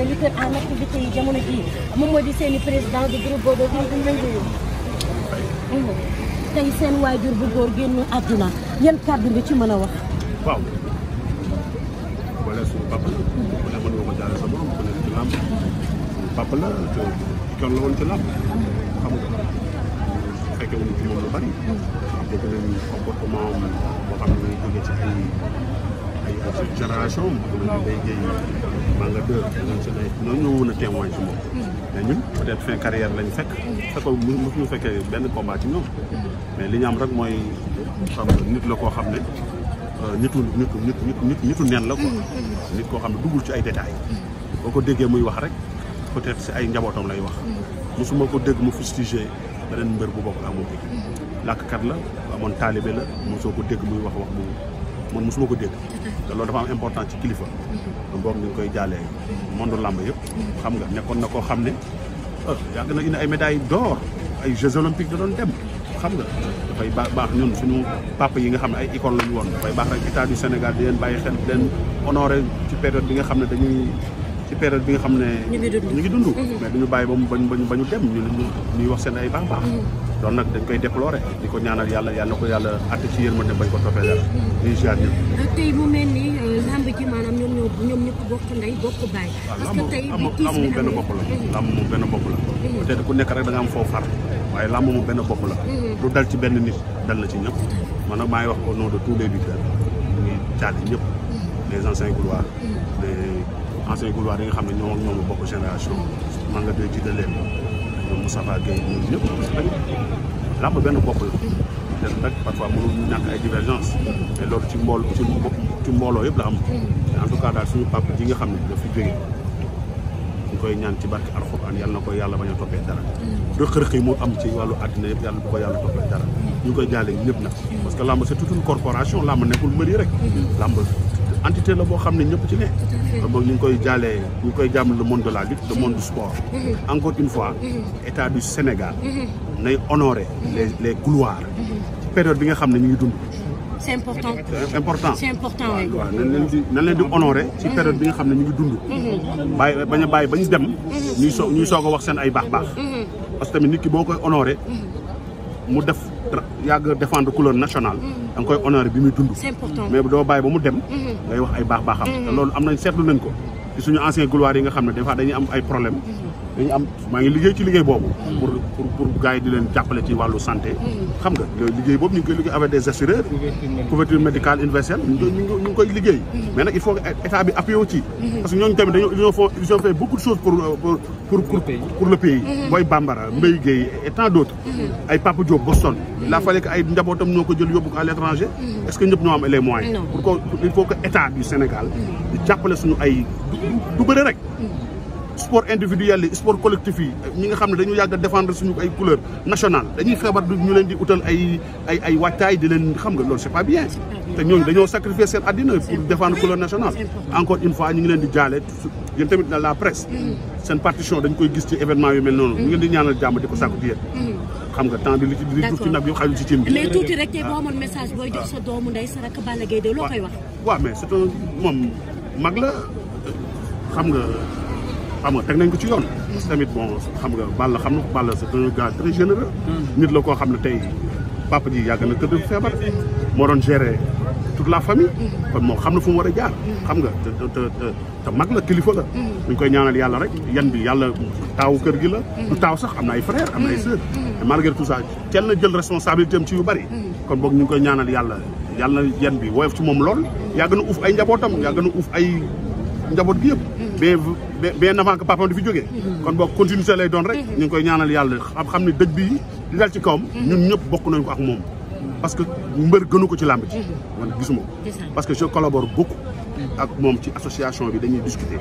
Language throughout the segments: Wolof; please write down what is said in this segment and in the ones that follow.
ne lutteur en activité yi jamono seen i président bu góor génn àdduna yan kàddu nga ci mën a wax. waaw wala suñu papa sa borom ku nekk ci làmb. papa la te kenn la woon ci làmb. xam nga fekke wuñu ci moom lu bari. dégg mm. nañu comportement boo xam ne. génération moom la ñu béy géej manga deux ñoom seen ay ñoom a témoin ci moom. mais ñun peut être fin carrière lañ fekk. Mm. fekkoon mu mu fekkee benn combat ci ñoom. Mm. mais li ñu am rek mooy xam nit la koo xam ne. Euh, nitu nitu nitu nit nitu neen la quoi. Mm. koo xam ne duggul ci ay détails. boo ko déggee muy wax rek peut-être si ay njabootam lay wax. mosuma ko dégg mu fustiger beneen mbër bu bokk amoo. làkkat la moon taalibe la mosoo ko dégg muy wax wax bu. man mosuma ko dégg te loolu dafa am importance ci kilifa donc boog ñu koy jaalee mhm. monde làmb yëpp mhm. xam nga nekkoon na koo xam ne euh, yàgg na indi ay médailles d'or ay jeux olympiques da doon dem xam nga dafay baax baax ñun suñu papa yi nga xam ne ay icône lañu woon dafay baax rek état du Sénégal di leen bàyyi xel di leen honoré ci période bi nga xam ne dañuy ci période nga xam ne ñu ngi dund mhm. mais duñu bàyyi ba mu ba ñu dem ñu ñuy wax seen ay baax baax loolu nag dañ koy déploré di ko ñaanal yàlla yàlla na ko yàlla àtte ci yërmande bañ ko toppee dara. di ziar ñëpp. tey mu mel ni euh, lamb ji ñoom ñoom bokk benn bopp la lamb benn bopp la. peut-être ku nekk rek da am foofu xar waaye lamb benn bopp la. Mm-hmm. lu dal ci benn nit dal na ci ñëpp. man maa ngi wax au nom de tous les lutteurs ñu ngi caati ñëpp. Mm-hmm. les anciens mm-hmm. nga xam ne ñoom ak bokk génération. man nga doy jiite leen ñoom Moustapha Gueye ñoom ñëpp làmb benn bopp la des nag parfois mënul ñàkk ay divergence mais loolu ci mbool ci ci mbooloo yëpp la am en tout cas daal suñu papa ji nga xam ne daf fi jógee ñu koy ñaan ci barke alxuraan yàlla na ko yàlla bañ a toppee dara rëq-rëq yi mu am ci wàllu àddina yëpp yàlla bu ko yàlla toppee dara ñu ngi koy jaale ñëpp nag parce que làmb c'est toute une corporation làmb nekkul mbër yi rek làmb entité la boo xam ne ñëpp ci ne boog ñu koy jaalee ñu koy jàmm le monde de la lutte le monde du sport mmh. Mmh. encore une fois mmh. état du Sénégal nay honorer les les couloirs période bi nga xam ne ñu ngi dund c'est important important nañ leen di nañ leen di honoré ci période bi nga xam ne ñu ngi dund bàyyi bañ a bàyyi bañ dem ñuy soo ñuy soog a wax seen ay baax baax parce que tamit nit ki boo koy honoré mu def yàgg défendre couleur nationale mm. da nga koy honneur bi muy dund mais doo bàyyi ba mu dem mm-hmm. ngay wax ay baax baaxam mm-hmm. te loolu am nañ seetlu nañ ko ci suñu ancien gloire yi nga xam ne des fois dañuy am ay problème mm-hmm. dañu am maa ngi liggéey ci liggéey boobu. Mm. pour pour pour gars yi leen jàppale ci wàllu santé. Mm. xam nga liggéey boobu ñu ngi koy liggéey avec des assureurs. couverture médicale universelle ñu liggéey. Mm. mais nag il faut que état bi appuyé ci. parce que ñooñu tamit dañoo dañoo foo euh, le pays. booy Bambara Mbaye Guèye et tant ay Papa Diop Boston. il ay njabootam ñoo ko jël yóbbu ko à l' étranger. est ce que ñëpp ñoo am les moyens. que il faut que état du Sénégal. di jàppale suñu ay du rek sport individuel yi sport collectif yi ñi nga xam ne dañu yàgg a défendre suñu ay couleur nationale dañuy feebar du ñu leen di utal ay ay di leen xam nga loolu c'est pas bien te ñooñu dañoo sacrifier seen àddina pour défendre couleur nationale encore une fois ñu ngi leen di jaale yéen tamit na la presse mm. seen partition dañ koy gis ci événement yu mel noonu ñu ngeen mm. di ñaanal jàmm di ko sàkku ci mm. xam nga temps bi li ci li tuuti nag yow xajul ci cin ah. ah. de loo koy wax waaw mais c'est la xam nga xam nga teg nañ ko ci yoon. Mm. tamit bon xam nga Balla xam na ko Balla c'est un gars très généreux. Mm. nit la koo xam ne tey papa ji yàgg na tëdd feebar. moo doon gérer toute la famille. Mm. kon moom xam na fu mu war a jaar. xam nga te te te mag la kilifa la. ñu koy ñaanal yàlla rek yan bi yàlla taawu kër gi la. du taaw sax am na ay frères am na ay sœurs. te tout ça kenn na jël responsabilité am ci yu bari. kon boog ñu koy ñaanal yàlla yàlla yan bi woyof ci moom lool. yàgg na uuf ay njabootam yàgg na uuf ay. njaboot gi yëpp mais bien avant que papaam di fi jógee kon boo continuité lay doon rek ñu ngi koy ñaanal yàlla xam xam ne dëj bi li dal ci kawam ñun ñëpp bokk nañ ko ak moom parce que mbër gënu ko ci làmb ji man gisuma parce que je collabore beaucoup ak moom ci association bi dañuy discuter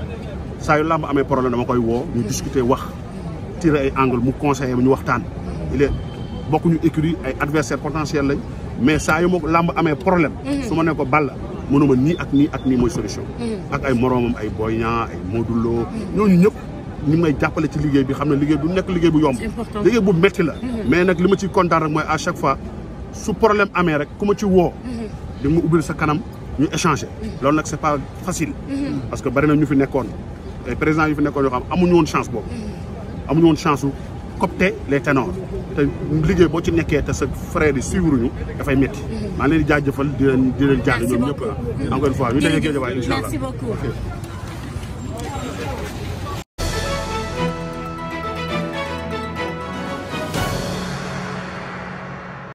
saa yu làmb amee problème dama koy woo ñu discuter wax tirer ay angle mu conseiller mu ñu waxtaan bokk ñu bokkuñu écurie ay adversaire potentiel lañ mais saa yu ma làmb amee problème mhm. su mënuma nii ak nii ak nii mooy solution. Mm-hmm. ak ay moroomam ay Boy Niang ay Modou Lo ñëpp ñu may jàppale ci liggéey bi xam na liggéey bu nekk liggéey bu yomb. liggéey bu métti la. Mm-hmm. mais nag li ma ciy kontaan rek mooy à chaque fois su problème amee rek ku ma ci woo. Mm-hmm. di ma ubbil sa kanam ñu échanger. loolu nag c'est pas facile. parce que bari na ñu fi nekkoon ay président yu fi nekkoon yoo xam amuñu woon chance boobu. amuñu woon chance copter les ténors te liggéey boo ci nekkee te sa frère yi siiwuruñu dafay métti mm-hmm. maa ngi leen di jaajëfal di leen di leen jaajëfal ñoom ñëpp encore une fois ñu déggee géej waay incha allah